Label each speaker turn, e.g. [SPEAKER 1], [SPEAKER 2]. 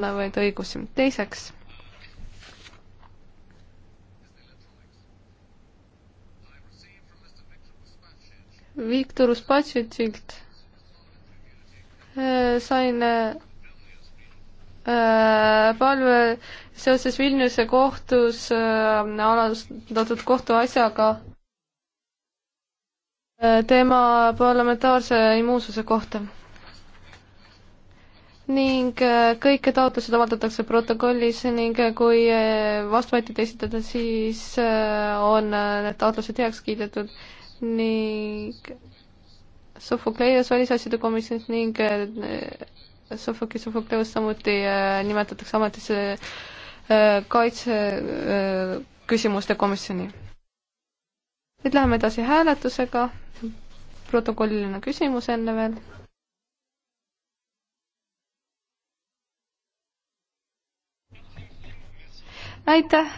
[SPEAKER 1] olevaid õigusi. teiseks, Viktor Uspatšitšilt äh, sain äh, äh, palve seoses Vilniuse kohtus äh, alustatud kohtuasjaga äh, tema parlamentaarse immuunsuse kohta ning äh, kõik taotlused avaldatakse protokollis ning äh, kui äh, vastuväited esitada, siis on need taotlused heaks kiidetud ning Sofokleios välisasjade komisjonis ning Sofoki Sofokleios samuti nimetatakse ametisse kaitseküsimuste komisjoni. nüüd läheme edasi hääletusega, protokolliline küsimus enne veel aitäh